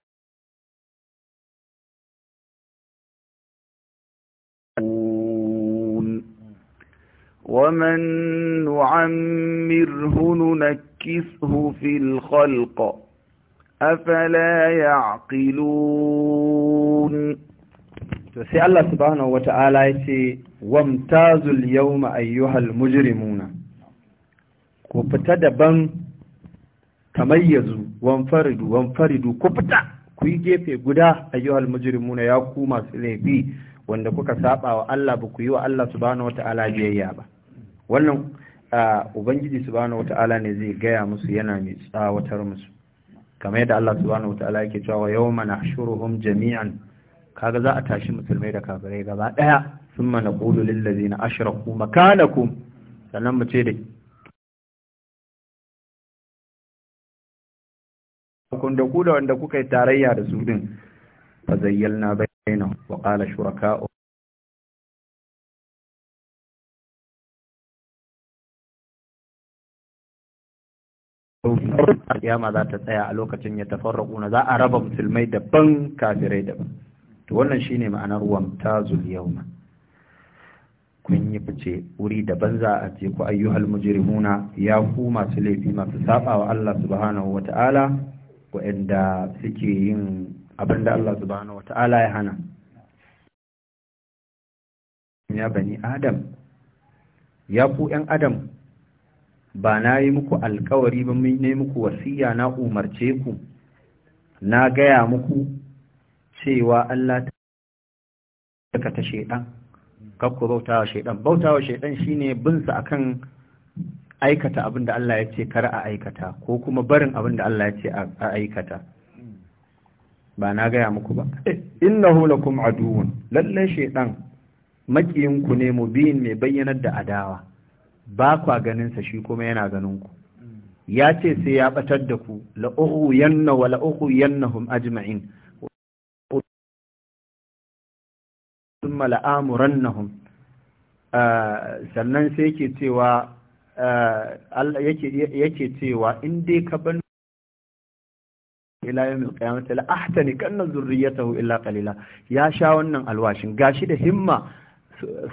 ومن نعمره ننكسه في الخلق أفلا يعقلون سي الله سبحانه وتعالى يتي وامتاز اليوم أيها المجرمون mujrimuna ku تميزوا وانفردوا وانفردوا wanfaridu wanfaridu ku gefe guda ayyuhal mujrimuna ya ku masu laifi wanda kuka saba wa Allah ba ku yi wa Allah subhanahu wata'ala biyayya ba wannan ubangiji subhanahu wata'ala ne zai gaya musu yana mai tsawatar musu kamar yadda Allah subhanahu wata'ala yake cewa yawma nahshuruhum jami'an kaga za a tashi musulmai da kafirai gaba daya thumma naqulu lil ladzina ashraku makanakum sannan mu ce da kun da ku da wanda kuka yi tarayya da su din fa zayyalna bainahum wa qala shuraka'u alƙiyama za ta tsaya a lokacin ya na za a raba musulmai daban kafirai daban to wannan shine ma'anar wamtazul yauma kun yi fice wuri daban za a ce ku ayyuhal mujrimuna ya ku masu laifi masu saba wa Allah subhanahu wata'ala waɗanda suke yin abinda Allah subhanahu wata'ala ya hana ya bani adam ya ku ‘yan adam ba na yi muku alkawari ba ne muku wasiya na umarce ku na gaya muku cewa Allah ta ta bauta wa bautawa bauta bautawa shaidan shine bin sa akan aikata abin da Allah ya ce kar a aikata ko kuma barin abin da Allah ya ce a aikata ba na gaya muku ba eh, innahu lakum aduwwun lalle shaidan makiyinku ne mubin mai bayyanar da adawa ba kwa ganinsa shi kuma yana ganin ku ya ce sai ya batar da ku la'uhu yanna wa la'uhu yannahum ajma'in thumma hum. Ah, sannan sai yake cewa ah, yake cewa in dai ka ban ila yamin qiyamati la ahtani kanna zurriyatahu illa qalila ya sha wannan alwashin gashi da himma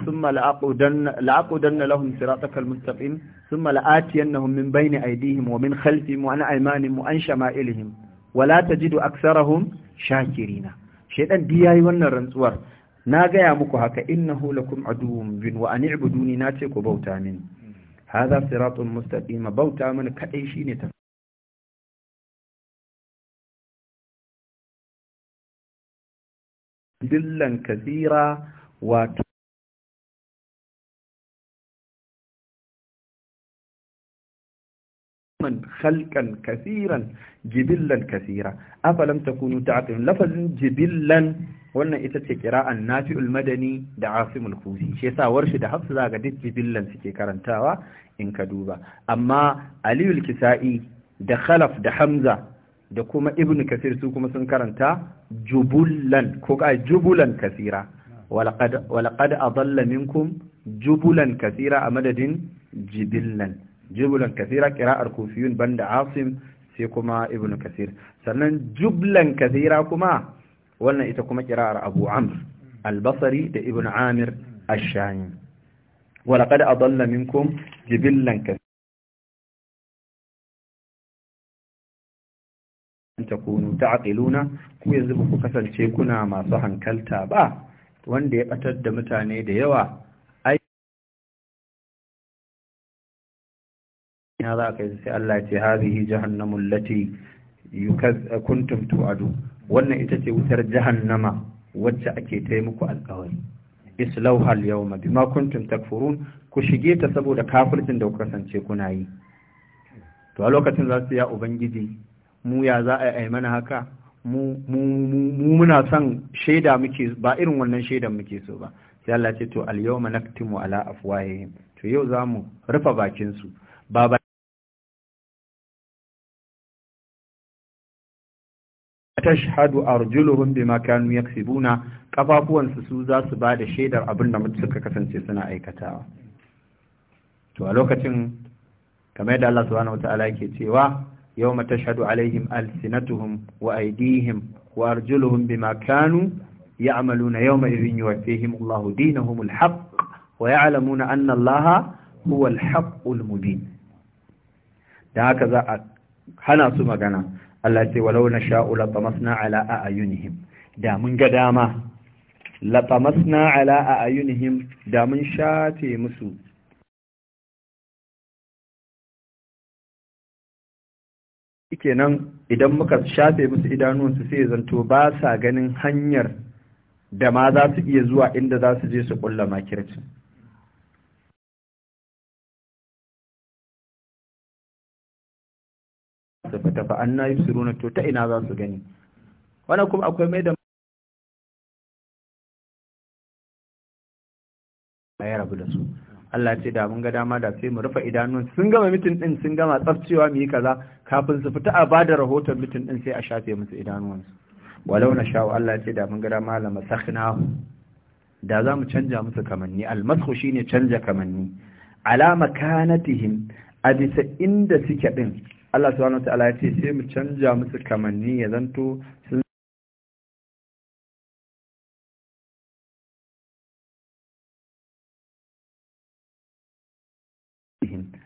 ثم لأقعدن لأقعدن لهم صراطك المستقيم ثم لآتينهم من بين أيديهم ومن خلفهم وعن أيمانهم وعن شمائلهم ولا تجد أكثرهم شاكرين شيطان دي yayi wannan rantsuwar na gaya muku haka innahu lakum aduwwun bin wa an ibuduni nace ku bauta min hadha siratun mustaqim bauta min kadai shine ta dillan a wato man khalqan kasiran jibillan kasira afalam takunu ta'qilun lafazin jibillan wannan ita ce qira'an nafi'ul madani da asimul kufi shi yasa warshi da hafsa zaga duk jibillan suke karantawa in ka duba amma aliyu kisa'i da khalaf da hamza da kuma ibnu kasir su kuma sun karanta jubullan ko ka jubulan kasira walaqad walaqad adalla minkum jubulan kasira a madadin jibillan jublan kathira qira'ar kufiyun banda asim sai kuma ibnu kathir sannan jublan kathira kuma wannan ita kuma qira'ar abu amr albasari da ibn amir ash-shami wa laqad adalla minkum jibillan kathira ku yanzu ku kasance kuna masu hankalta ba wanda ya batar da mutane da yawa ya za ka yi sai Allah ce hazihi jahannamul lati kuntum tu'adu wannan ita ce wutar jahannama wacce ake ta yi muku alƙawari islauha al bima kuntum takfurun ku shige ta saboda kafircin da ku kasance kuna yi to a lokacin za su ya ubangiji mu ya za a yi mana haka mu muna son shaida muke ba irin wannan shaidan muke so ba sai Allah ce to al-yawma naktimu ala afwahihim to yau zamu rufe bakin su ba tashhadu arjuluhum bima kanu yaksibuna kafafuwansu su za su ba da shaidar abin da suka kasance suna aikatawa to a lokacin kamar yadda Allah subhanahu wataala yake cewa yawma tashhadu alaihim alsinatuhum wa aydihim wa arjuluhum bima kanu ya'maluna yawma idhin yuwaffihim Allahu dinahum alhaq wa ya'lamuna anna Allaha huwa alhaqqul mubin da haka za a hana su magana Allah ce walau na sha'u latamasna ala a ayunihim da mun ga dama latamasna ala a ayunihim da mun shafe musu nan idan muka shafe musu idanunsu sai zanto ba sa ganin hanyar da ma za su iya zuwa inda za su je su ƙulla makircin tabbata fa anna yusiruna to ta ina za su gani wannan kuma akwai mai da ya rabu da su Allah ce da mun ga dama da sai mu rufe idanun sun gama mitin din sun gama tsafcewa mu yi kaza kafin su fita a bada rahoton mitin din sai a shafe musu su walau na sha'u Allah ce da mun ga dama la masakhna da za mu canja musu kamanni almasku shine canja kamanni alama makanatihim a bisa inda suke din Allah subhanahu wataala ya ce sai mu canja musu kamanni ya zanto sun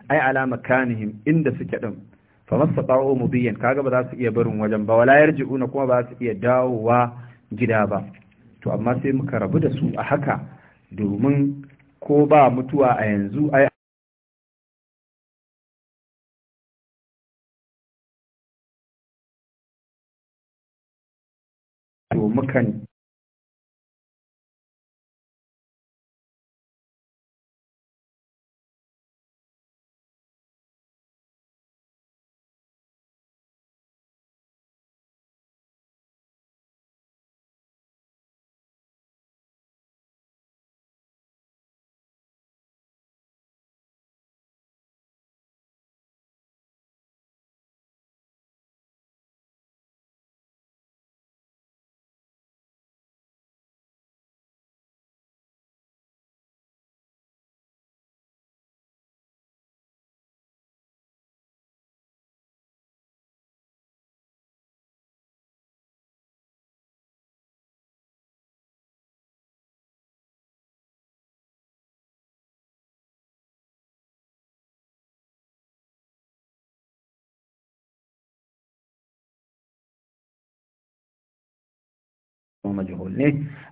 ai ala makanihim inda suke din fa mastata'u mubiyan kaga ba za su iya barin wajen ba wala na kuma ba su iya dawowa gida ba to amma sai muka rabu da su a haka domin ko ba mutuwa a yanzu ai kan majhul ne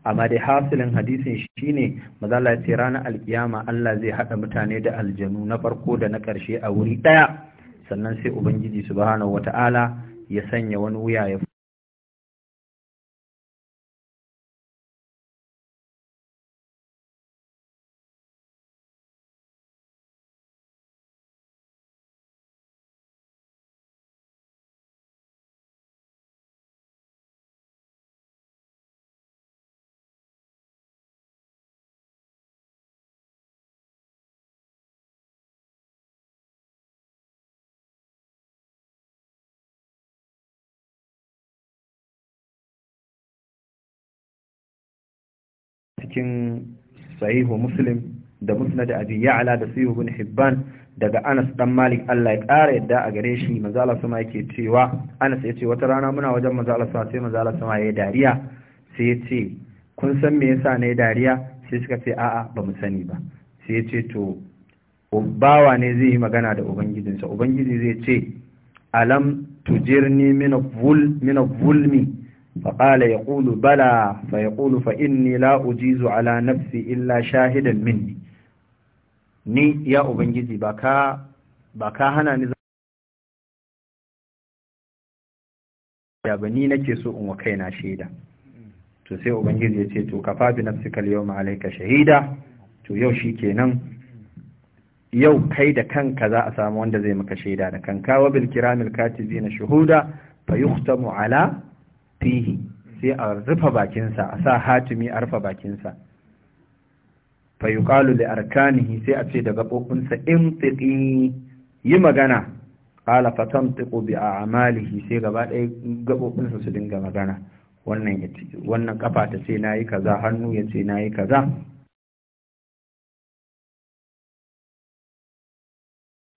amma dai hasilin hadisin shine ne. Allah ya ce ranar alkiyama Allah zai haɗa mutane da aljanu na farko da na karshe a wuri ɗaya, sannan sai ubangiji subhanahu wataala ya sanya wani wuya ya cikin sahihu muslim da musnad abi ya'la da sahihu ibn hibban daga Anas dan Malik Allah ya kare yadda a gare shi manzo sama yake cewa Anas yace wata rana muna wajen manzo sama sai manzo sama yayi dariya sai yace kun san me yasa ne dariya sai suka ce a'a ba mu sani ba sai yace to bawa ne zai yi magana da ubangijinsa ubangiji zai ce alam tujirni min zulmi فقال يقول بلى فيقول فإني لا أجيز على نفسي إلا شاهدا مني ni ya ubangiji ba ka hana ni ya ba ni nake so in wa na shaida to sai ubangiji ya ce to kafa bi nafsika al-yawma alayka shahida to yau shikenan yau kai da kanka za a samu wanda zai maka shaida da kanka wa bil kiramil katibina shuhuda fa yuhtamu ala fihi sai a rufe bakinsa a sa hatimi a rufe bakinsa fa yuqalu li arkanihi sai a ce da gabobinsa imtiqi yi magana qala fa tamtiqu bi a'malihi sai gaba ɗaya gabobinsa su dinga magana wannan wannan kafa ta ce nayi kaza hannu ya ce nayi kaza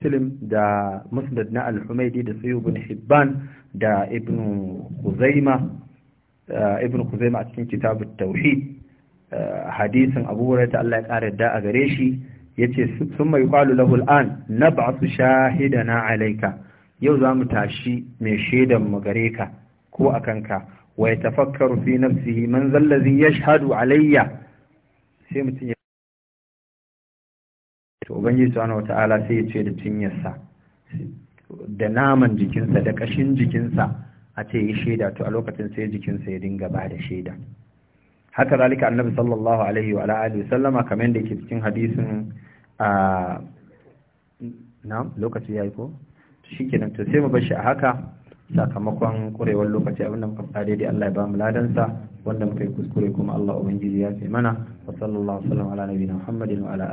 da Musnad na al da Sayyid Hibban da ibn Kuzaima uh, ibn Kuzaima a cikin kitabut tauhid uh, hadisin Abu Hurairah Allah ya kare da a gare shi yace summa yuqalu lahu al'an shahida na alaika yau za mu tashi mai shaidan mu gare ko akan ka wa yatafakkaru fi nafsihi man zallazi yashhadu alayya sai mutun ya to ubangiji subhanahu wataala sai ya ce da cinyarsa da naman jikinsa da ƙashin jikinsa a ce yi shaida to a lokacin sai jikinsa ya dinga ba da shaida haka zalika annabi sallallahu alaihi wa alihi sallama kamar da ke cikin hadisin a na lokaci yayi ko shikenan to sai mu bar shi a haka sakamakon kurewar lokaci da muka fara daidai Allah ya ba mu ladan sa wanda muka yi kuskure kuma Allah ubangiji ya ce mana wa sallallahu alaihi wa sallam ala nabiyina Muhammadin wa ala